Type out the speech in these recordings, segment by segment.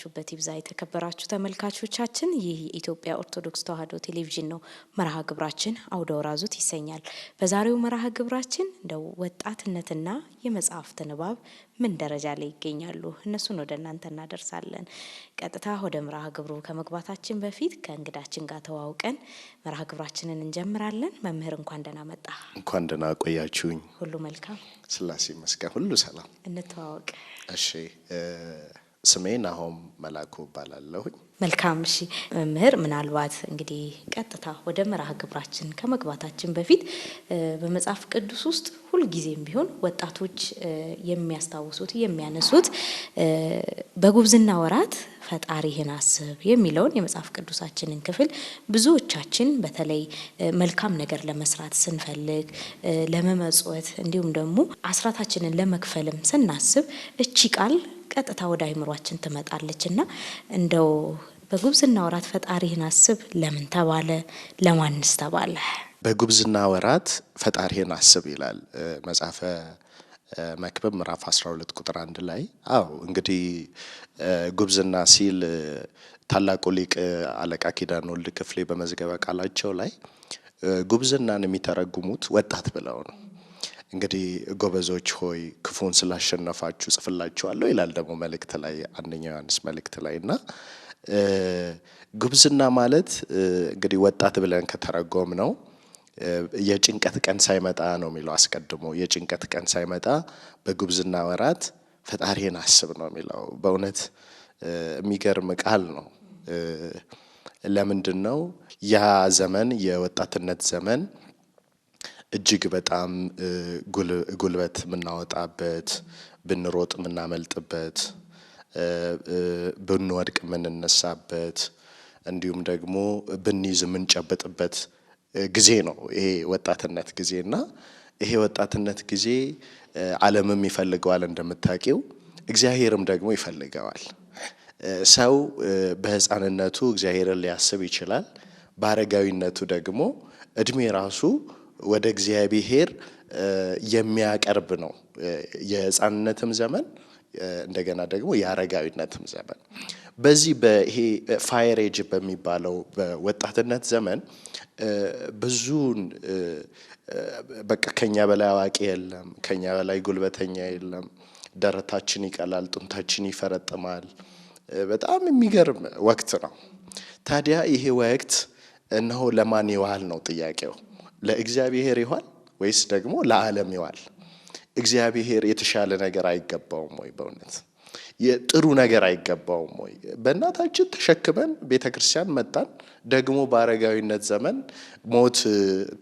በያላችሁበት ይብዛ። የተከበራችሁ ተመልካቾቻችን ይህ የኢትዮጵያ ኦርቶዶክስ ተዋሕዶ ቴሌቪዥን ነው። መርሃ ግብራችን አውደ ወራዙት ይሰኛል። በዛሬው መርሃ ግብራችን እንደው ወጣትነትና የመጽሐፍት ንባብ ምን ደረጃ ላይ ይገኛሉ? እነሱን ወደ እናንተ እናደርሳለን። ቀጥታ ወደ መርሃ ግብሩ ከመግባታችን በፊት ከእንግዳችን ጋር ተዋውቀን መርሃ ግብራችንን እንጀምራለን። መምህር እንኳን ደህና መጣ። እንኳን ደህና ቆያችሁኝ። ሁሉ መልካም፣ ስላሴ ይመስገን። ሁሉ ሰላም። እንተዋወቅ። እሺ ስሜ ናሆም መላኩ እባላለሁኝ። መልካም እሺ መምህር፣ ምናልባት እንግዲህ ቀጥታ ወደ መርሃ ግብራችን ከመግባታችን በፊት በመጽሐፍ ቅዱስ ውስጥ ሁልጊዜም ቢሆን ወጣቶች የሚያስታውሱት የሚያነሱት በጉብዝና ወራት ፈጣሪህን አስብ የሚለውን የመጽሐፍ ቅዱሳችንን ክፍል ብዙዎቻችን በተለይ መልካም ነገር ለመስራት ስንፈልግ ለመመጽወት፣ እንዲሁም ደግሞ አስራታችንን ለመክፈልም ስናስብ እቺ ቃል ቀጥታ ወደ አይምሯችን ትመጣለች እና እንደው በጉብዝና ወራት ፈጣሪህን አስብ ለምን ተባለ? ለማንስ ተባለ? በጉብዝና ወራት ፈጣሪህን አስብ ይላል መጽሐፈ መክብብ ምዕራፍ 12 ቁጥር አንድ ላይ። አዎ እንግዲህ ጉብዝና ሲል ታላቁ ሊቅ አለቃ ኪዳን ወልድ ክፍሌ በመዝገበ ቃላቸው ላይ ጉብዝናን የሚተረጉሙት ወጣት ብለው ነው። እንግዲህ ጎበዞች ሆይ ክፉን ስላሸነፋችሁ ጽፍላችኋለሁ ይላል ደግሞ መልእክት ላይ አንደኛ ዮሐንስ መልእክት ላይ እና ጉብዝና ማለት እንግዲህ ወጣት ብለን ከተረጎም ነው የጭንቀት ቀን ሳይመጣ ነው የሚለው አስቀድሞ የጭንቀት ቀን ሳይመጣ በጉብዝና ወራት ፈጣሪን አስብ ነው የሚለው። በእውነት የሚገርም ቃል ነው። ለምንድን ነው ያ ዘመን የወጣትነት ዘመን እጅግ በጣም ጉልበት የምናወጣበት ብንሮጥ የምናመልጥበት ብንወድቅ የምንነሳበት እንዲሁም ደግሞ ብንይዝ የምንጨብጥበት ጊዜ ነው ይሄ ወጣትነት ጊዜ እና ይሄ ወጣትነት ጊዜ ዓለምም ይፈልገዋል እንደምታውቂው፣ እግዚአብሔርም ደግሞ ይፈልገዋል። ሰው በህፃንነቱ እግዚአብሔርን ሊያስብ ይችላል። በአረጋዊነቱ ደግሞ እድሜ ራሱ ወደ እግዚአብሔር የሚያቀርብ ነው። የህፃንነትም ዘመን እንደገና ደግሞ የአረጋዊነትም ዘመን በዚህ በይሄ ፋየር ኤጅ በሚባለው በወጣትነት ዘመን ብዙን በቃ ከኛ በላይ አዋቂ የለም፣ ከኛ በላይ ጉልበተኛ የለም። ደረታችን ይቀላል፣ ጡንታችን ይፈረጥማል። በጣም የሚገርም ወቅት ነው። ታዲያ ይሄ ወቅት እነሆ ለማን ይዋል ነው ጥያቄው። ለእግዚአብሔር ይሆን ወይስ ደግሞ ለዓለም ይዋል? እግዚአብሔር የተሻለ ነገር አይገባውም ወይ? በእውነት የጥሩ ነገር አይገባውም ወይ? በእናታችን ተሸክመን ቤተ ክርስቲያን መጣን። ደግሞ በአረጋዊነት ዘመን ሞት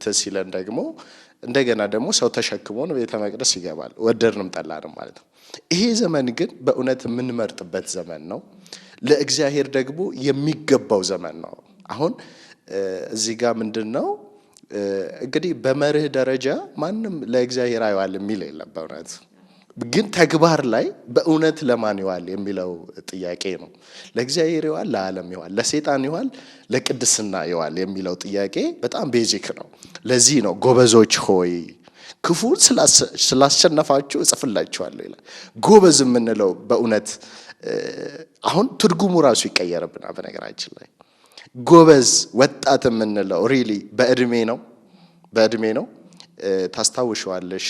ተሲለን ደግሞ እንደገና ደግሞ ሰው ተሸክሞን ቤተ መቅደስ ይገባል፣ ወደድንም ጠላንም ማለት ነው። ይሄ ዘመን ግን በእውነት የምንመርጥበት ዘመን ነው። ለእግዚአብሔር ደግሞ የሚገባው ዘመን ነው። አሁን እዚህ ጋር ምንድን ነው እንግዲህ በመርህ ደረጃ ማንም ለእግዚአብሔር አይዋል የሚል የለም። በእውነት ግን ተግባር ላይ በእውነት ለማን ይዋል የሚለው ጥያቄ ነው። ለእግዚአብሔር ይዋል፣ ለዓለም ይዋል፣ ለሴጣን ይዋል፣ ለቅድስና ይዋል የሚለው ጥያቄ በጣም ቤዚክ ነው። ለዚህ ነው ጎበዞች ሆይ ክፉን ስላሸነፋችሁ እጽፍላችኋለሁ ይላል። ጎበዝ የምንለው በእውነት አሁን ትርጉሙ ራሱ ይቀየርብናል በነገራችን ላይ ጎበዝ ወጣት የምንለው ሪሊ በእድሜ ነው በእድሜ ነው። ታስታውሸዋለሽ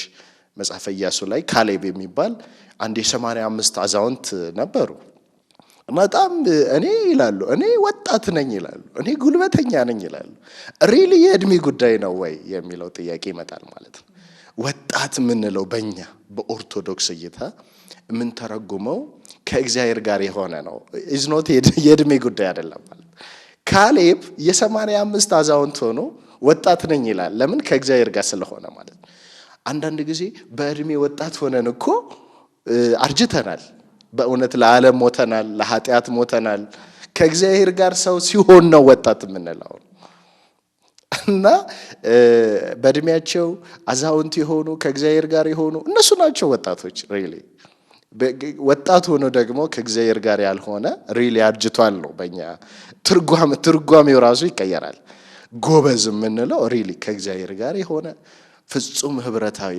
መጽሐፈ ኢያሱ ላይ ካሌብ የሚባል አንድ የሰማንያ አምስት አዛውንት ነበሩ በጣም እኔ ይላሉ እኔ ወጣት ነኝ ይላሉ፣ እኔ ጉልበተኛ ነኝ ይላሉ። ሪሊ የእድሜ ጉዳይ ነው ወይ የሚለው ጥያቄ ይመጣል ማለት ነው። ወጣት የምንለው በእኛ በኦርቶዶክስ እይታ የምንተረጉመው ከእግዚአብሔር ጋር የሆነ ነው። ኢዝኖት የእድሜ ጉዳይ አይደለም ማለት ካሌብ የሰማንያ አምስት አዛውንት ሆኖ ወጣት ነኝ ይላል። ለምን ከእግዚአብሔር ጋር ስለሆነ ማለት ነው። አንዳንድ ጊዜ በእድሜ ወጣት ሆነን እኮ አርጅተናል። በእውነት ለዓለም ሞተናል፣ ለኃጢአት ሞተናል። ከእግዚአብሔር ጋር ሰው ሲሆን ነው ወጣት የምንለው እና በእድሜያቸው አዛውንት የሆኑ ከእግዚአብሔር ጋር የሆኑ እነሱ ናቸው ወጣቶች ሪሊ ወጣት ሆኖ ደግሞ ከእግዚአብሔር ጋር ያልሆነ ሪሊ ያርጅቷል ነው በእኛ ትርጓሜው ራሱ ይቀየራል። ጎበዝ የምንለው ሪሊ ከእግዚአብሔር ጋር የሆነ ፍጹም ህብረታዊ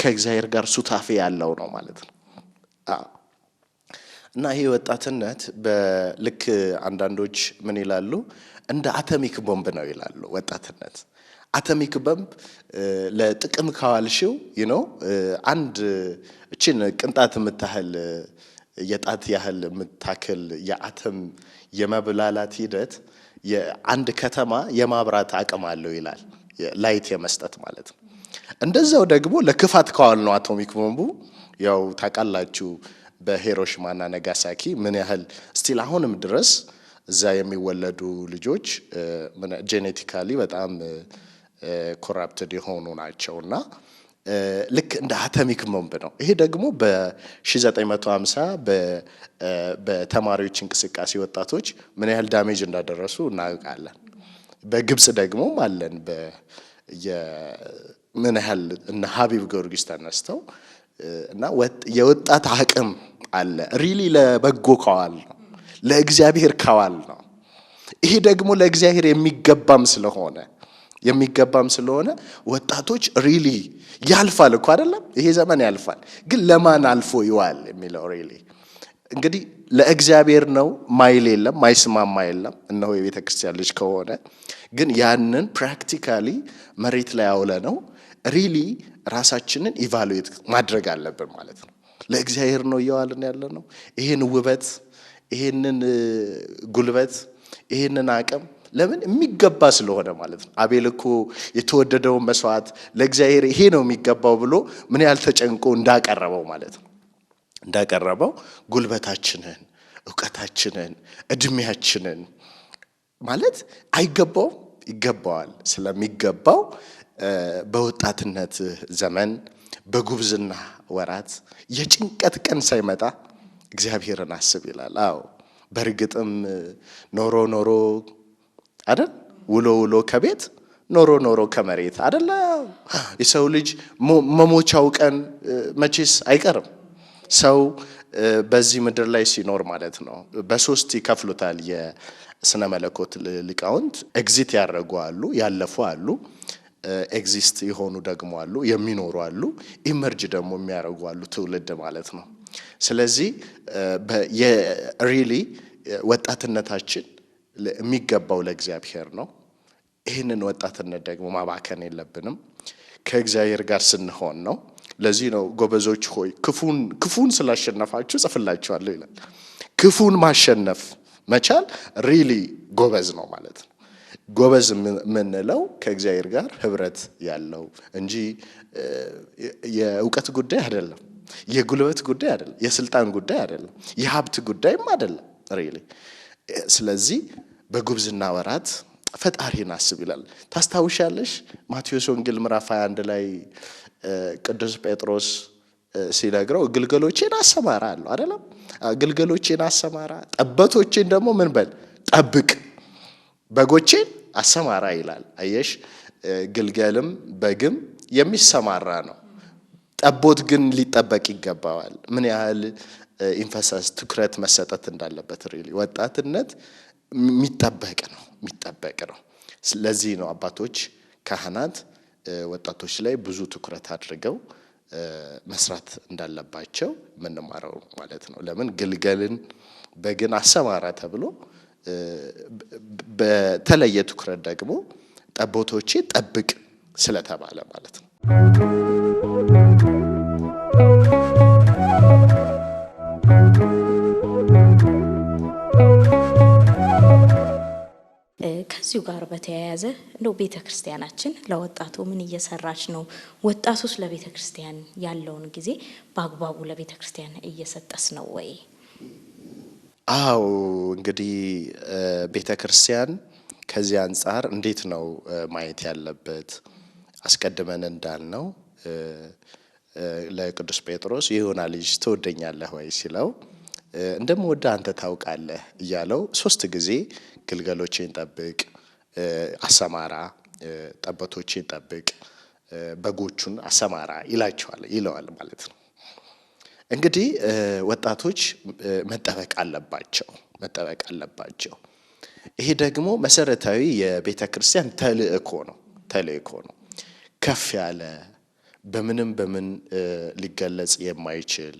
ከእግዚአብሔር ጋር ሱታፌ ያለው ነው ማለት ነው። እና ይህ ወጣትነት በልክ አንዳንዶች ምን ይላሉ? እንደ አተሚክ ቦምብ ነው ይላሉ ወጣትነት አተሚክ በምብ ለጥቅም ካዋልሽው ነው አንድ እችን ቅንጣት የምታህል የጣት ያህል የምታክል የአተም የመብላላት ሂደት የአንድ ከተማ የማብራት አቅም አለው ይላል። ላይት የመስጠት ማለት ነው። እንደዛው ደግሞ ለክፋት ከዋል ነው አቶሚክ ቦምቡ ያው ታውቃላችሁ በሂሮሺማና ነጋሳኪ ምን ያህል ስቲል አሁንም ድረስ እዛ የሚወለዱ ልጆች ጄኔቲካሊ በጣም ኮራፕትድ የሆኑ ናቸው እና ልክ እንደ አተሚክ ቦምብ ነው። ይሄ ደግሞ በ1950 በተማሪዎች እንቅስቃሴ ወጣቶች ምን ያህል ዳሜጅ እንዳደረሱ እናውቃለን። በግብፅ ደግሞ አለን ምን ያህል እነ ሀቢብ ጊዮርጊስ ተነስተው እና የወጣት አቅም አለ ሪሊ ለበጎ ከዋል ነው ለእግዚአብሔር ከዋል ነው። ይሄ ደግሞ ለእግዚአብሔር የሚገባም ስለሆነ የሚገባም ስለሆነ ወጣቶች ሪሊ ያልፋል እኮ አይደለም፣ ይሄ ዘመን ያልፋል። ግን ለማን አልፎ ይዋል የሚለው ሪሊ እንግዲህ ለእግዚአብሔር ነው ማይል የለም፣ ማይስማማ የለም። እነሆ የቤተ ክርስቲያን ልጅ ከሆነ ግን ያንን ፕራክቲካሊ መሬት ላይ አውለ ነው ሪሊ ራሳችንን ኢቫሉዌት ማድረግ አለብን ማለት ነው። ለእግዚአብሔር ነው እየዋልን ያለ ነው። ይህን ውበት፣ ይህንን ጉልበት፣ ይህንን አቅም ለምን የሚገባ ስለሆነ ማለት ነው። አቤል እኮ የተወደደውን መስዋዕት ለእግዚአብሔር ይሄ ነው የሚገባው ብሎ ምን ያህል ተጨንቆ እንዳቀረበው ማለት ነው እንዳቀረበው ጉልበታችንን፣ እውቀታችንን፣ እድሜያችንን ማለት አይገባውም፣ ይገባዋል። ስለሚገባው በወጣትነት ዘመን በጉብዝና ወራት የጭንቀት ቀን ሳይመጣ እግዚአብሔርን አስብ ይላል። አዎ በእርግጥም ኖሮ ኖሮ አይደል? ውሎ ውሎ ከቤት ኖሮ ኖሮ ከመሬት አደለ? የሰው ልጅ መሞቻው ቀን መቼስ አይቀርም። ሰው በዚህ ምድር ላይ ሲኖር ማለት ነው በሶስት ይከፍሉታል የስነ መለኮት ሊቃውንት። ኤግዚት ያደረጉ አሉ፣ ያለፉ አሉ። ኤግዚስት የሆኑ ደግሞ አሉ፣ የሚኖሩ አሉ። ኢመርጅ ደግሞ የሚያደርጉ አሉ፣ ትውልድ ማለት ነው። ስለዚህ ሪሊ ወጣትነታችን የሚገባው ለእግዚአብሔር ነው። ይህንን ወጣትነት ደግሞ ማባከን የለብንም። ከእግዚአብሔር ጋር ስንሆን ነው። ለዚህ ነው ጎበዞች ሆይ ክፉን ስላሸነፋችሁ ጽፍላችኋለሁ ይላል። ክፉን ማሸነፍ መቻል ሪሊ ጎበዝ ነው ማለት ነው። ጎበዝ የምንለው ከእግዚአብሔር ጋር ህብረት ያለው እንጂ የእውቀት ጉዳይ አይደለም። የጉልበት ጉዳይ አይደለም። የስልጣን ጉዳይ አይደለም። የሀብት ጉዳይም አይደለም ሪሊ ስለዚህ በጉብዝና ወራት ፈጣሪን አስብ ይላል። ታስታውሻለሽ? ማቴዎስ ወንጌል ምዕራፍ 21 ላይ ቅዱስ ጴጥሮስ ሲነግረው ግልገሎቼን አሰማራ አለው አይደለም? ግልገሎቼን አሰማራ፣ ጠበቶቼን ደግሞ ምን በል ጠብቅ፣ በጎቼን አሰማራ ይላል። አየሽ፣ ግልገልም በግም የሚሰማራ ነው። ጠቦት ግን ሊጠበቅ ይገባዋል። ምን ያህል ኢንፈሳስ ትኩረት መሰጠት እንዳለበት ሪሊ ወጣትነት የሚጠበቅ ነው የሚጠበቅ ነው። ስለዚህ ነው አባቶች ካህናት ወጣቶች ላይ ብዙ ትኩረት አድርገው መስራት እንዳለባቸው የምንማረው ማለት ነው። ለምን ግልገልን በግን አሰማራ ተብሎ በተለየ ትኩረት ደግሞ ጠቦቶቼ ጠብቅ ስለተባለ ማለት ነው። ከዚሁ ጋር በተያያዘ እንደው ቤተ ክርስቲያናችን ለወጣቱ ምን እየሰራች ነው? ወጣቱስ ለቤተ ክርስቲያን ያለውን ጊዜ በአግባቡ ለቤተ ክርስቲያን እየሰጠስ ነው ወይ? አው እንግዲህ ቤተ ክርስቲያን ከዚህ አንጻር እንዴት ነው ማየት ያለበት? አስቀድመን እንዳልነው ለቅዱስ ጴጥሮስ የዮና ልጅ ትወደኛለህ ወይ ሲለው እንደምወደ አንተ ታውቃለህ እያለው ሶስት ጊዜ ግልገሎቼን ጠብቅ አሰማራ ጠበቶችን ጠብቅ፣ በጎቹን አሰማራ ይላቸዋል ይለዋል ማለት ነው። እንግዲህ ወጣቶች መጠበቅ አለባቸው መጠበቅ አለባቸው። ይሄ ደግሞ መሰረታዊ የቤተ ክርስቲያን ተልእኮ ነው ተልእኮ ነው። ከፍ ያለ በምንም በምን ሊገለጽ የማይችል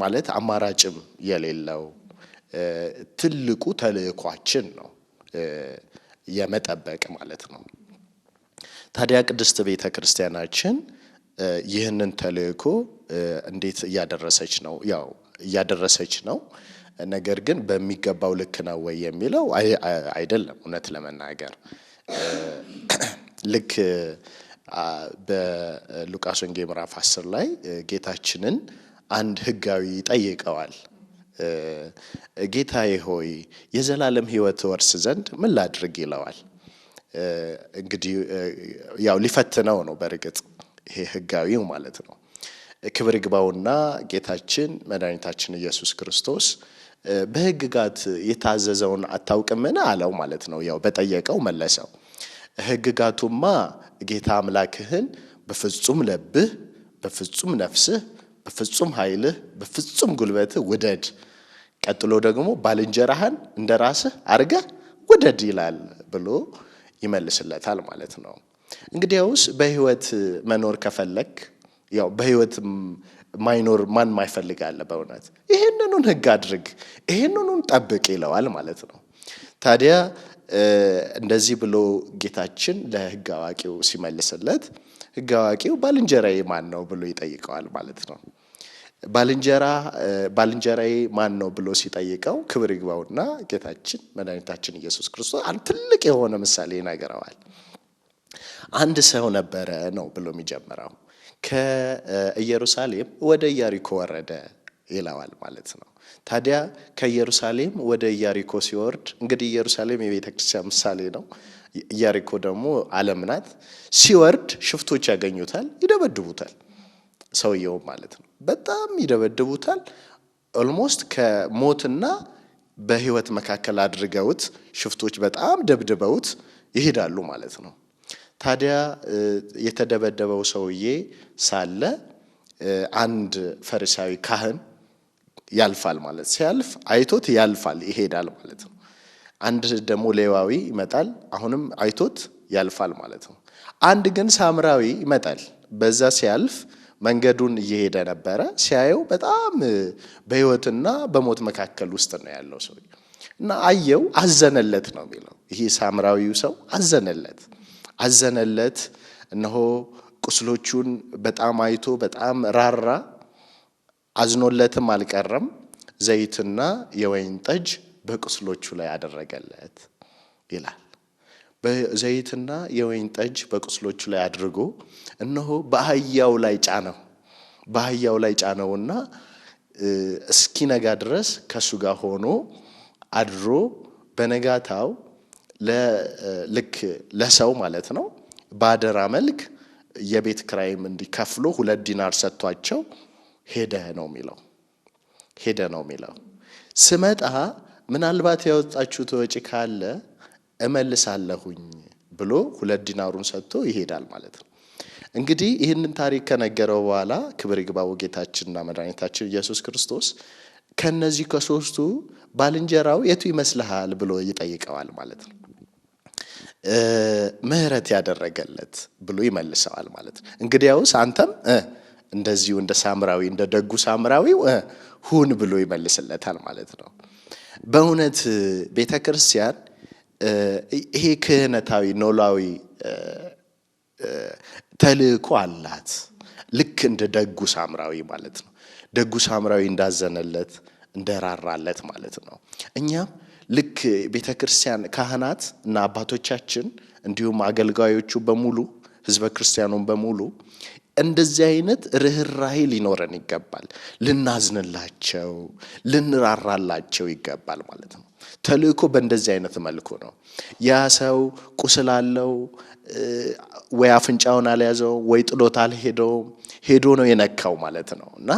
ማለት አማራጭም የሌለው ትልቁ ተልእኳችን ነው። የመጠበቅ ማለት ነው። ታዲያ ቅድስት ቤተ ክርስቲያናችን ይህንን ተልእኮ እንዴት እያደረሰች ነው? ያው እያደረሰች ነው። ነገር ግን በሚገባው ልክ ነው ወይ የሚለው አይደለም። እውነት ለመናገር ልክ በሉቃስ ወንጌ ምዕራፍ 10 ላይ ጌታችንን አንድ ህጋዊ ይጠይቀዋል። ጌታዬ ሆይ የዘላለም ሕይወት ወርስ ዘንድ ምን ላድርግ ይለዋል። እንግዲህ ያው ሊፈትነው ነው። በእርግጥ ይሄ ህጋዊው ማለት ነው። ክብር ይግባውና ጌታችን መድኃኒታችን ኢየሱስ ክርስቶስ በህግጋት የታዘዘውን አታውቅምን አለው ማለት ነው። ያው በጠየቀው መለሰው። ህግጋቱማ ጌታ አምላክህን በፍጹም ልብህ፣ በፍጹም ነፍስህ፣ በፍጹም ኃይልህ፣ በፍጹም ጉልበትህ ውደድ ቀጥሎ ደግሞ ባልንጀራህን እንደ ራስህ አድርገህ ውደድ ይላል ብሎ ይመልስለታል ማለት ነው። እንግዲያውስ በህይወት መኖር ከፈለግ ያው በህይወት ማይኖር ማን ማይፈልግ አለ? በእውነት ይህንኑን ህግ አድርግ፣ ይህንኑን ጠብቅ ይለዋል ማለት ነው። ታዲያ እንደዚህ ብሎ ጌታችን ለህግ አዋቂው ሲመልስለት፣ ህግ አዋቂው ባልንጀራዬ ማን ነው ብሎ ይጠይቀዋል ማለት ነው። ባልንጀራ ባልንጀራዬ ማን ነው ብሎ ሲጠይቀው ክብር ይግባውና ጌታችን መድኃኒታችን ኢየሱስ ክርስቶስ አንድ ትልቅ የሆነ ምሳሌ ይነግረዋል። አንድ ሰው ነበረ ነው ብሎ የሚጀምረው ከኢየሩሳሌም ወደ ኢያሪኮ ወረደ ይለዋል ማለት ነው። ታዲያ ከኢየሩሳሌም ወደ ኢያሪኮ ሲወርድ እንግዲህ ኢየሩሳሌም የቤተ ክርስቲያን ምሳሌ ነው። ኢያሪኮ ደግሞ ዓለም ናት። ሲወርድ ሽፍቶች ያገኙታል፣ ይደበድቡታል፣ ሰውየውም ማለት ነው። በጣም ይደበድቡታል። ኦልሞስት ከሞትና በህይወት መካከል አድርገውት ሽፍቶች በጣም ደብድበውት ይሄዳሉ ማለት ነው። ታዲያ የተደበደበው ሰውዬ ሳለ አንድ ፈሪሳዊ ካህን ያልፋል ማለት ሲያልፍ አይቶት ያልፋል ይሄዳል ማለት ነው። አንድ ደግሞ ሌዋዊ ይመጣል፣ አሁንም አይቶት ያልፋል ማለት ነው። አንድ ግን ሳምራዊ ይመጣል በዛ ሲያልፍ መንገዱን እየሄደ ነበረ። ሲያየው በጣም በህይወትና በሞት መካከል ውስጥ ነው ያለው ሰው እና አየው፣ አዘነለት ነው የሚለው ይህ ሳምራዊው ሰው አዘነለት አዘነለት እነሆ ቁስሎቹን በጣም አይቶ በጣም ራራ። አዝኖለትም አልቀረም። ዘይትና የወይን ጠጅ በቁስሎቹ ላይ አደረገለት ይላል። ዘይትና የወይን ጠጅ በቁስሎቹ ላይ አድርጎ እነሆ በአህያው ላይ ጫነው በአህያው ላይ ጫነውና እስኪነጋ ድረስ ከእሱ ጋር ሆኖ አድሮ በነጋታው ልክ ለሰው ማለት ነው በአደራ መልክ የቤት ክራይም እንዲከፍሎ ሁለት ዲናር ሰጥቷቸው ሄደ ነው የሚለው። ሄደ ነው የሚለው። ስመጣ ምናልባት ያወጣችሁት ወጪ ካለ እመልሳለሁኝ ብሎ ሁለት ዲናሩን ሰጥቶ ይሄዳል ማለት ነው። እንግዲህ ይህንን ታሪክ ከነገረው በኋላ ክብር ይግባው ጌታችንና መድኃኒታችን ኢየሱስ ክርስቶስ ከነዚህ ከሶስቱ ባልንጀራው የቱ ይመስልሃል ብሎ ይጠይቀዋል ማለት ነው። ምሕረት ያደረገለት ብሎ ይመልሰዋል ማለት ነው። እንግዲያውስ አንተም እንደዚሁ እንደ ሳምራዊ እንደ ደጉ ሳምራዊው ሁን ብሎ ይመልስለታል ማለት ነው። በእውነት ቤተ ክርስቲያን ይሄ ክህነታዊ ኖላዊ ተልእኮ አላት። ልክ እንደ ደጉ ሳምራዊ ማለት ነው። ደጉ ሳምራዊ እንዳዘነለት እንደራራለት ማለት ነው። እኛም ልክ ቤተ ክርስቲያን ካህናት እና አባቶቻችን እንዲሁም አገልጋዮቹ በሙሉ ህዝበ ክርስቲያኑን በሙሉ እንደዚህ አይነት ርኅራሄ ሊኖረን ይገባል። ልናዝንላቸው፣ ልንራራላቸው ይገባል ማለት ነው። ተልእኮ በእንደዚህ አይነት መልኩ ነው። ያ ሰው ቁስል አለው ወይ አፍንጫውን አልያዘው ወይ ጥሎት አልሄደውም፣ ሄዶ ነው የነካው ማለት ነው። እና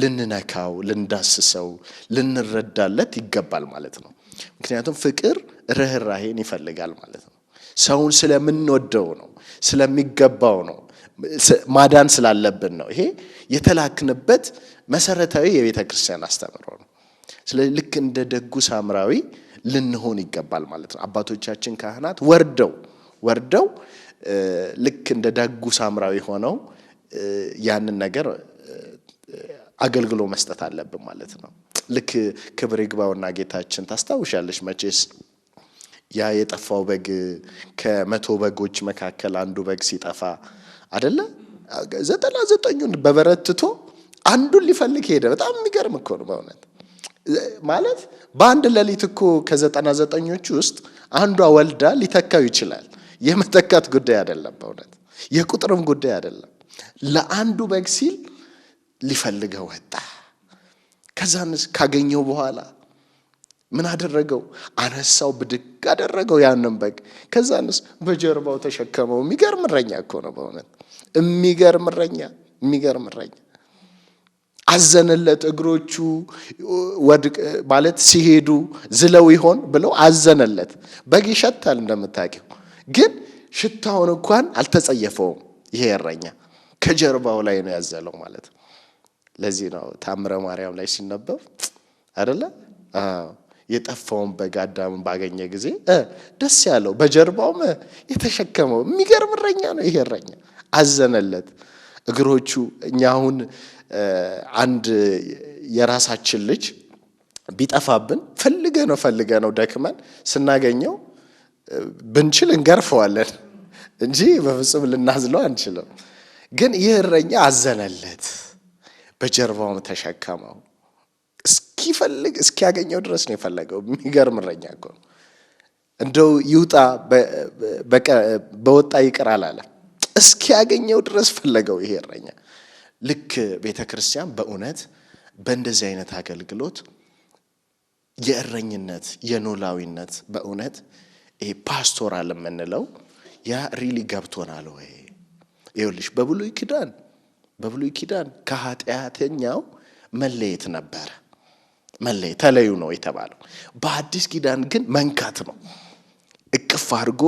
ልንነካው፣ ልንዳስሰው፣ ልንረዳለት ይገባል ማለት ነው። ምክንያቱም ፍቅር ርኅራሄን ይፈልጋል ማለት ነው። ሰውን ስለምንወደው ነው፣ ስለሚገባው ነው፣ ማዳን ስላለብን ነው። ይሄ የተላክንበት መሰረታዊ የቤተ ክርስቲያን አስተምሮ ነው። ስለዚህ ልክ እንደ ደጉ ሳምራዊ ልንሆን ይገባል ማለት ነው። አባቶቻችን ካህናት ወርደው ወርደው ልክ እንደ ደጉ ሳምራዊ ሆነው ያንን ነገር አገልግሎ መስጠት አለብን ማለት ነው። ልክ ክብር ይግባውና ጌታችን ታስታውሻለች መቼስ ያ የጠፋው በግ ከመቶ በጎች መካከል አንዱ በግ ሲጠፋ አደለ ዘጠና ዘጠኙን በበረትቶ አንዱን ሊፈልግ ሄደ። በጣም የሚገርም እኮ ነው በእውነት። ማለት በአንድ ሌሊት እኮ ከዘጠና ዘጠኞች ውስጥ አንዷ ወልዳ ሊተካው ይችላል። የመተካት ጉዳይ አይደለም፣ በእውነት የቁጥርም ጉዳይ አይደለም። ለአንዱ በግ ሲል ሊፈልገው ወጣ። ከዛንስ ካገኘው በኋላ ምን አደረገው? አነሳው፣ ብድግ አደረገው ያንን በግ። ከዛንስ በጀርባው ተሸከመው። የሚገርም እረኛ እኮ ነው በእውነት የሚገርም እረኛ፣ የሚገርም እረኛ። አዘነለት። እግሮቹ ወድቅ ማለት ሲሄዱ ዝለው ይሆን ብለው አዘነለት። በግ ይሸታል እንደምታቂው ግን ሽታውን እንኳን አልተጸየፈውም። ይሄ እረኛ ከጀርባው ላይ ነው ያዘለው ማለት ለዚህ ነው ታምረ ማርያም ላይ ሲነበብ አደለ የጠፋውን በግ አዳምን ባገኘ ጊዜ ደስ ያለው በጀርባውም የተሸከመው የሚገርም እረኛ ነው። ይሄ እረኛ አዘነለት እግሮቹ እኛ አሁን አንድ የራሳችን ልጅ ቢጠፋብን ፈልገ ነው ፈልገ ነው ደክመን ስናገኘው ብንችል እንገርፈዋለን እንጂ በፍጹም ልናዝለው አንችልም። ግን ይህ እረኛ አዘነለት፣ በጀርባውም ተሸከመው እስኪፈልግ እስኪያገኘው ድረስ ነው የፈለገው። የሚገርም እረኛ እኮ ነው። እንደው ይውጣ በወጣ ይቅር አላለም። እስኪያገኘው ድረስ ፈለገው ይሄ እረኛ። ልክ ቤተ ክርስቲያን በእውነት በእንደዚህ አይነት አገልግሎት የእረኝነት የኖላዊነት በእውነት ይሄ ፓስቶራል የምንለው ያ ሪሊ ገብቶናል ወይ? ይኸውልሽ በብሉይ ኪዳን በብሉይ ኪዳን ከኃጢአተኛው መለየት ነበረ። መለየት ተለዩ ነው የተባለው። በአዲስ ኪዳን ግን መንካት ነው፣ እቅፍ አድርጎ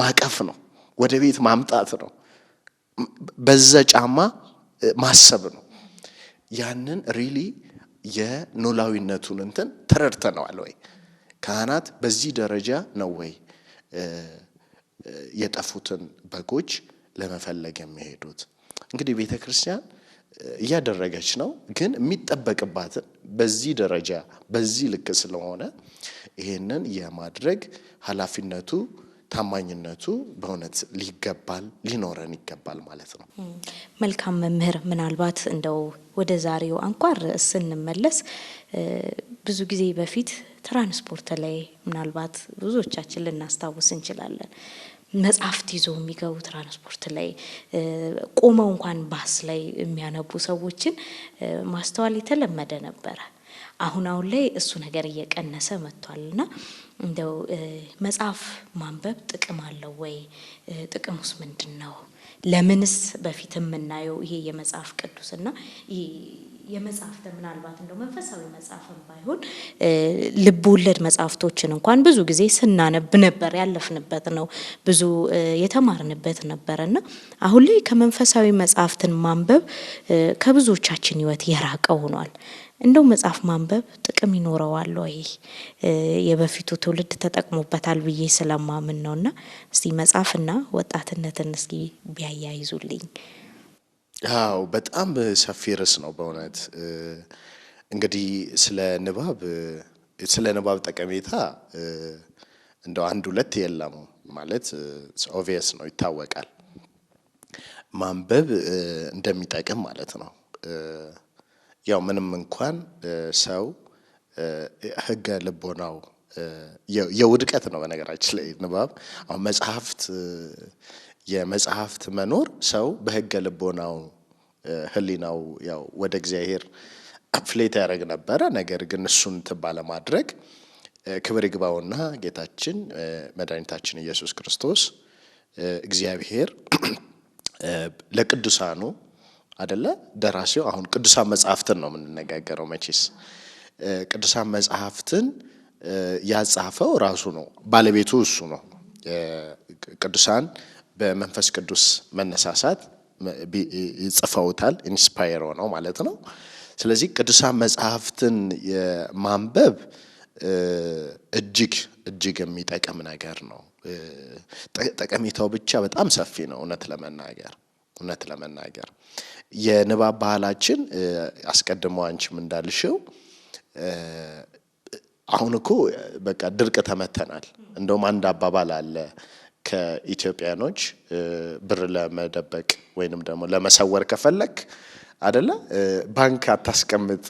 ማቀፍ ነው፣ ወደ ቤት ማምጣት ነው። በዛ ጫማ ማሰብ ነው። ያንን ሪሊ የኖላዊነቱን እንትን ተረድተነዋል ወይ? ካህናት በዚህ ደረጃ ነው ወይ የጠፉትን በጎች ለመፈለግ የሚሄዱት? እንግዲህ ቤተ ክርስቲያን እያደረገች ነው፣ ግን የሚጠበቅባትን በዚህ ደረጃ በዚህ ልክ ስለሆነ ይህንን የማድረግ ኃላፊነቱ ታማኝነቱ በእውነት ሊገባል ሊኖረን ይገባል ማለት ነው። መልካም መምህር፣ ምናልባት እንደው ወደ ዛሬው አንኳር ስንመለስ ብዙ ጊዜ በፊት ትራንስፖርት ላይ ምናልባት ብዙዎቻችን ልናስታውስ እንችላለን። መጽሐፍት ይዘው የሚገቡ ትራንስፖርት ላይ ቆመው እንኳን ባስ ላይ የሚያነቡ ሰዎችን ማስተዋል የተለመደ ነበረ። አሁን አሁን ላይ እሱ ነገር እየቀነሰ መጥቷል እና እንደው መጽሐፍ ማንበብ ጥቅም አለው ወይ? ጥቅሙስ ምንድን ነው? ለምንስ በፊት የምናየው ይሄ የመጽሐፍ ቅዱስና የመጽሐፍ ምናልባት እንደው መንፈሳዊ መጽሐፍም ባይሆን ልብ ወለድ መጽሐፍቶችን እንኳን ብዙ ጊዜ ስናነብ ነበር፣ ያለፍንበት ነው፣ ብዙ የተማርንበት ነበረ እና አሁን ላይ ከመንፈሳዊ መጽሐፍትን ማንበብ ከብዙዎቻችን ሕይወት የራቀ ሆኗል። እንደው መጽሐፍ ማንበብ ጥቅም ይኖረዋል ወይ? የበፊቱ ትውልድ ተጠቅሞበታል ብዬ ስለማምን ነው። እና እስቲ መጽሐፍና ወጣትነትን እስኪ ቢያያይዙልኝ። አዎ በጣም ሰፊ ርዕስ ነው በእውነት እንግዲህ ስለ ንባብ ስለ ንባብ ጠቀሜታ እንደው አንድ ሁለት የለም ማለት ኦቪየስ ነው ይታወቃል። ማንበብ እንደሚጠቅም ማለት ነው። ያው ምንም እንኳን ሰው ህገ ልቦናው የውድቀት ነው። በነገራችን ላይ ንባብ አሁን መጽሐፍት የመጽሐፍት መኖር ሰው በህገ ልቦናው ህሊናው ያው ወደ እግዚአብሔር ፍሌት ያደረግ ነበረ። ነገር ግን እሱን ለማድረግ ክብር ይግባውና ጌታችን መድኃኒታችን ኢየሱስ ክርስቶስ እግዚአብሔር ለቅዱሳኑ አደለ ደራሲው። አሁን ቅዱሳን መጽሐፍትን ነው የምንነጋገረው መቼስ ቅዱሳን መጽሐፍትን ያጻፈው ራሱ ነው፣ ባለቤቱ እሱ ነው። ቅዱሳን በመንፈስ ቅዱስ መነሳሳት ይጽፈውታል፣ ኢንስፓየር ሆነው ማለት ነው። ስለዚህ ቅዱሳን መጽሐፍትን ማንበብ እጅግ እጅግ የሚጠቅም ነገር ነው። ጠቀሜታው ብቻ በጣም ሰፊ ነው እውነት ለመናገር እውነት ለመናገር የንባብ ባህላችን አስቀድመው አንቺም እንዳልሽው አሁን እኮ በቃ ድርቅ ተመተናል። እንደውም አንድ አባባል አለ ከኢትዮጵያኖች ብር ለመደበቅ ወይንም ደግሞ ለመሰወር ከፈለግ አደለ ባንክ አታስቀምጥ፣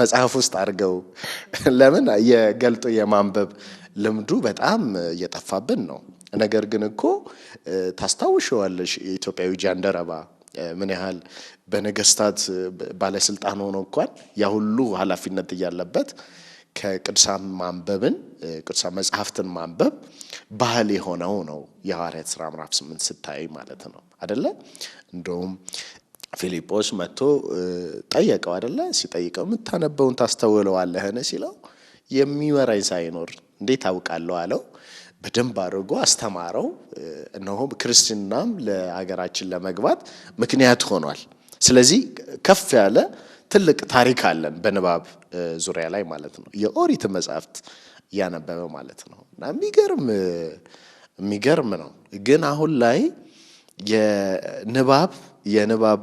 መጽሐፍ ውስጥ አድርገው። ለምን የገልጦ የማንበብ ልምዱ በጣም እየጠፋብን ነው። ነገር ግን እኮ ታስታውሸዋለሽ የኢትዮጵያዊ ጃንደረባ ምን ያህል በነገስታት ባለስልጣን ሆኖ እንኳን ያ ሁሉ ኃላፊነት እያለበት ከቅዱሳን ማንበብን ቅዱሳን መጽሐፍትን ማንበብ ባህል የሆነው ነው የሐዋርያት ሥራ ምዕራፍ ስምንት ስታይ ማለት ነው አደለ። እንደውም ፊልጶስ መጥቶ ጠየቀው አደለ። ሲጠይቀው የምታነበውን ታስተውለዋለህን ሲለው የሚወራኝ ሳይኖር እንዴት አውቃለሁ አለው። በደንብ አድርጎ አስተማረው። እነሆ ክርስትናም ለሀገራችን ለመግባት ምክንያት ሆኗል። ስለዚህ ከፍ ያለ ትልቅ ታሪክ አለን በንባብ ዙሪያ ላይ ማለት ነው። የኦሪት መጽሐፍት እያነበበ ማለት ነው እና የሚገርም የሚገርም ነው። ግን አሁን ላይ የንባብ የንባብ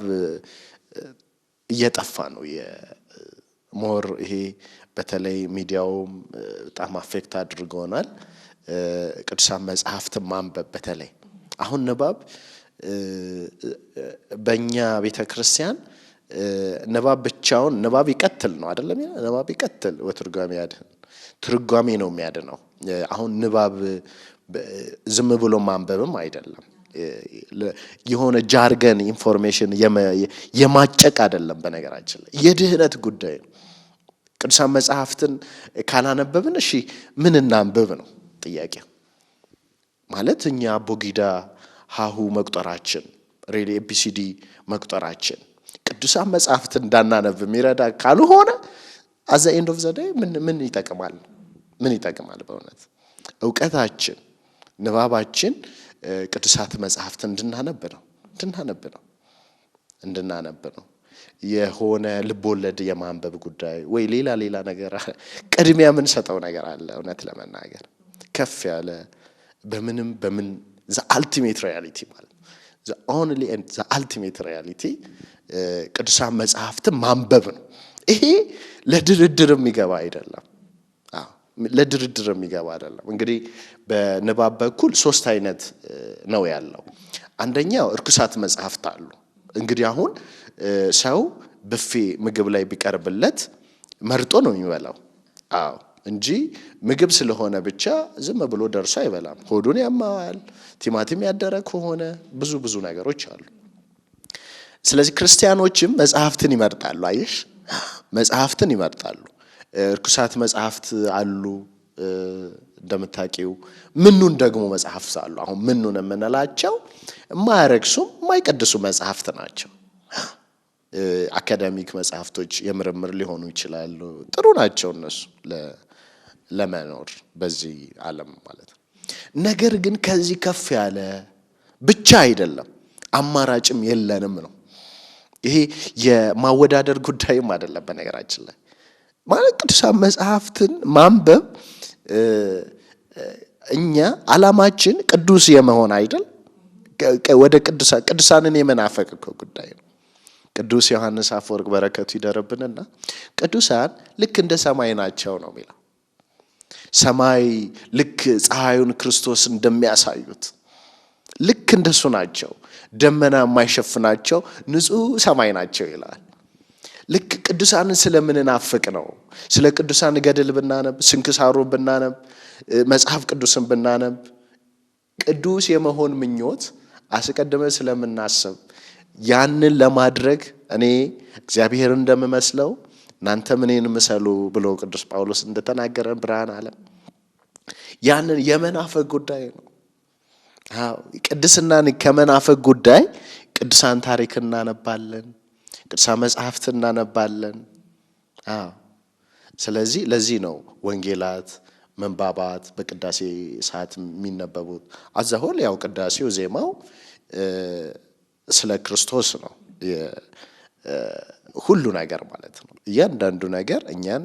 እየጠፋ ነው የሞር ይሄ በተለይ ሚዲያውም በጣም አፌክት አድርጎናል። ቅዱሳን መጽሐፍትን ማንበብ በተለይ አሁን ንባብ በእኛ ቤተ ክርስቲያን ንባብ ብቻውን ንባብ ይቀትል ነው አደለም ንባብ ይቀትል ወትርጓሜ ያድህን ትርጓሜ ነው የሚያድነው። አሁን ንባብ ዝም ብሎ ማንበብም አይደለም። የሆነ ጃርገን ኢንፎርሜሽን የማጨቅ አይደለም። በነገራችን ላይ የድህነት ጉዳይ ነው። ቅዱሳን መጽሐፍትን ካላነበብን እሺ ምን እናንብብ ነው? ጥያቄ ማለት እኛ ቦጊዳ ሀሁ መቁጠራችን ሬሊ ኤቢሲዲ መቁጠራችን ቅዱሳን መጽሐፍት እንዳናነብ የሚረዳ ካልሆነ አዘ ኤንድ ኦፍ ዘዳይ ምን ይጠቅማል? ምን ይጠቅማል? በእውነት እውቀታችን ንባባችን ቅዱሳት መጽሐፍት እንድናነብ ነው እንድናነብ ነው እንድናነብ ነው። የሆነ ልቦለድ የማንበብ ጉዳይ ወይ ሌላ ሌላ ነገር ቅድሚያ የምንሰጠው ነገር አለ እውነት ለመናገር ከፍ ያለ በምንም በምን ዘ አልቲሜት ሪያሊቲ ማለት ነው። ዘ ኦንሊ ኤንድ ዘ አልቲሜት ሪያሊቲ ቅዱሳን መጽሐፍትን ማንበብ ነው። ይሄ ለድርድር የሚገባ አይደለም። ለድርድር የሚገባ አይደለም። እንግዲህ በንባብ በኩል ሶስት አይነት ነው ያለው። አንደኛው እርኩሳት መጽሐፍት አሉ። እንግዲህ አሁን ሰው ብፌ ምግብ ላይ ቢቀርብለት መርጦ ነው የሚበላው። አዎ እንጂ ምግብ ስለሆነ ብቻ ዝም ብሎ ደርሶ አይበላም። ሆዱን ያማዋል። ቲማቲም ያደረ ከሆነ ብዙ ብዙ ነገሮች አሉ። ስለዚህ ክርስቲያኖችም መጽሐፍትን ይመርጣሉ። አየሽ፣ መጽሐፍትን ይመርጣሉ። እርኩሳት መጽሐፍት አሉ እንደምታቂው ምኑን ደግሞ መጽሐፍ አሉ። አሁን ምኑን የምንላቸው የማያረግሱም የማይቀድሱ መጽሐፍት ናቸው። አካዳሚክ መጽሐፍቶች የምርምር ሊሆኑ ይችላሉ። ጥሩ ናቸው እነሱ ለመኖር በዚህ ዓለም ማለት ነው። ነገር ግን ከዚህ ከፍ ያለ ብቻ አይደለም፣ አማራጭም የለንም ነው። ይሄ የማወዳደር ጉዳይም አይደለም። በነገራችን ላይ ማለት ቅዱሳን መጽሐፍትን ማንበብ እኛ ዓላማችን ቅዱስ የመሆን አይደል? ወደ ቅዱሳንን የመናፈቅ እኮ ጉዳይ ነው። ቅዱስ ዮሐንስ አፈወርቅ በረከቱ ይደረብንና ቅዱሳን ልክ እንደ ሰማይ ናቸው ነው የሚለው ሰማይ ልክ ፀሐዩን ክርስቶስ እንደሚያሳዩት ልክ እንደሱ ናቸው። ደመና የማይሸፍናቸው ንጹህ ሰማይ ናቸው ይላል። ልክ ቅዱሳንን ስለምንናፍቅ ነው። ስለ ቅዱሳን ገድል ብናነብ፣ ስንክሳሩ ብናነብ፣ መጽሐፍ ቅዱስን ብናነብ ቅዱስ የመሆን ምኞት አስቀድመ ስለምናስብ ያንን ለማድረግ እኔ እግዚአብሔር እንደምመስለው እናንተ እኔን ምሰሉ ብሎ ቅዱስ ጳውሎስ እንደተናገረን ብርሃን አለ። ያንን የመናፈቅ ጉዳይ ነው። ቅድስናን ከመናፈቅ ጉዳይ ቅዱሳን ታሪክ እናነባለን፣ ቅዱሳ መጽሐፍት እናነባለን። ስለዚህ ለዚህ ነው ወንጌላት መንባባት በቅዳሴ ሰዓት የሚነበቡት። አዛሆል ያው ቅዳሴው ዜማው ስለ ክርስቶስ ነው ሁሉ ነገር ማለት ነው። እያንዳንዱ ነገር እኛን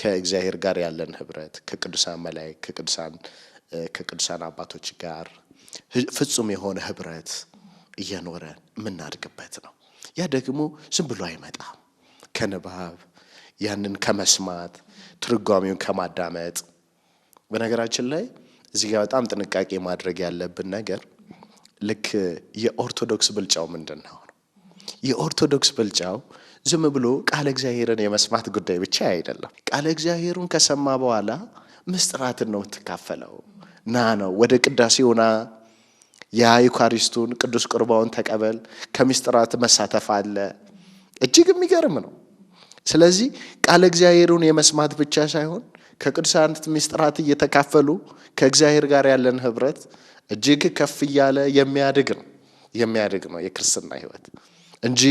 ከእግዚአብሔር ጋር ያለን ህብረት ከቅዱሳን መላይ ከቅዱሳን ከቅዱሳን አባቶች ጋር ፍጹም የሆነ ህብረት እየኖረን የምናድግበት ነው። ያ ደግሞ ዝም ብሎ አይመጣም። ከንባብ ያንን ከመስማት ትርጓሚውን ከማዳመጥ በነገራችን ላይ እዚህ ጋር በጣም ጥንቃቄ ማድረግ ያለብን ነገር ልክ የኦርቶዶክስ ብልጫው ምንድን ነው? የኦርቶዶክስ ብልጫው ዝም ብሎ ቃለ እግዚአብሔርን የመስማት ጉዳይ ብቻ አይደለም። ቃለ እግዚአብሔሩን ከሰማ በኋላ ምስጢራትን ነው የምትካፈለው። ና ነው ወደ ያ ዩካሪስቱን ቅዱስ ቁርባውን ተቀበል። ከምስጢራት መሳተፍ አለ። እጅግ የሚገርም ነው። ስለዚህ ቃለ እግዚአብሔሩን የመስማት ብቻ ሳይሆን ከቅዱሳን ምስጢራት እየተካፈሉ ከእግዚአብሔር ጋር ያለን ህብረት እጅግ ከፍ እያለ የሚያድግ ነው የሚያድግ ነው የክርስትና ህይወት። እንጂ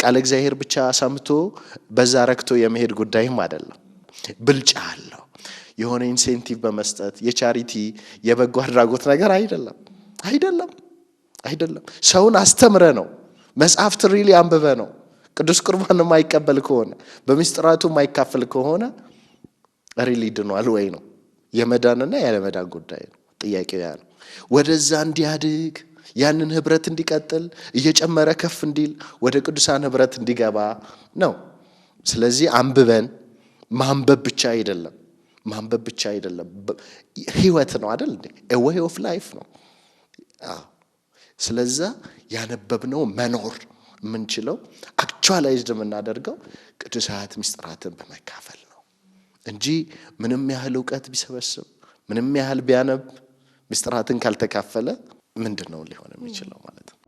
ቃለ እግዚአብሔር ብቻ ሰምቶ በዛ ረክቶ የመሄድ ጉዳይም አይደለም። ብልጫ አለው። የሆነ ኢንሴንቲቭ በመስጠት የቻሪቲ የበጎ አድራጎት ነገር አይደለም አይደለም አይደለም። ሰውን አስተምረ ነው። መጽሐፍት ሪሊ አንብበ ነው። ቅዱስ ቁርባን የማይቀበል ከሆነ በምስጢራቱ የማይካፈል ከሆነ ሪሊ ድኗል ወይ ነው የመዳንና ያለመዳን ጉዳይ ነው። ጥያቄው ያ ነው። ወደዛ እንዲያድግ ያንን ህብረት እንዲቀጥል እየጨመረ ከፍ እንዲል ወደ ቅዱሳን ህብረት እንዲገባ ነው። ስለዚህ አንብበን ማንበብ ብቻ አይደለም፣ ማንበብ ብቻ አይደለም፣ ህይወት ነው አይደል? ወይ ኦፍ ላይፍ ነው። ስለዛ ያነበብነው መኖር የምንችለው አክቹዋላይዝ የምናደርገው ቅዱሳት ምስጥራትን በመካፈል ነው እንጂ ምንም ያህል እውቀት ቢሰበስብ ምንም ያህል ቢያነብ ምስጥራትን ካልተካፈለ ምንድን ነው ሊሆን የሚችለው ማለት ነው።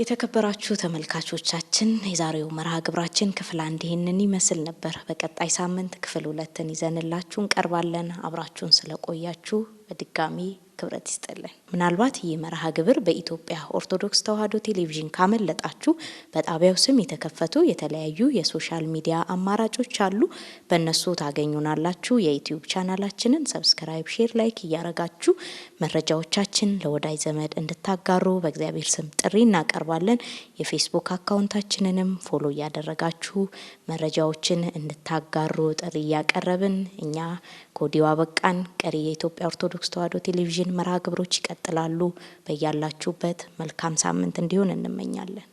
የተከበራችሁ ተመልካቾቻችን የዛሬው መርሃ ግብራችን ክፍል አንድ ይህንን ይመስል ነበር። በቀጣይ ሳምንት ክፍል ሁለትን ይዘንላችሁ እንቀርባለን። አብራችሁን ስለቆያችሁ በድጋሚ ክብረት ይስጥልን። ምናልባት ይህ መርሃ ግብር በኢትዮጵያ ኦርቶዶክስ ተዋሕዶ ቴሌቪዥን ካመለጣችሁ በጣቢያው ስም የተከፈቱ የተለያዩ የሶሻል ሚዲያ አማራጮች አሉ። በእነሱ ታገኙናላችሁ። የዩትዩብ ቻናላችንን ሰብስክራይብ፣ ሼር፣ ላይክ እያረጋችሁ መረጃዎቻችን ለወዳጅ ዘመድ እንድታጋሩ በእግዚአብሔር ስም ጥሪ እናቀርባለን። የፌስቡክ አካውንታችንንም ፎሎ እያደረጋችሁ መረጃዎችን እንድታጋሩ ጥሪ እያቀረብን እኛ ከወዲሁ አበቃን። ቀሪ የኢትዮጵያ ኦርቶዶክስ ተዋሕዶ ቴሌቪዥን መርሃ ግብሮች ይቀጥላሉ። በያላችሁበት መልካም ሳምንት እንዲሆን እንመኛለን።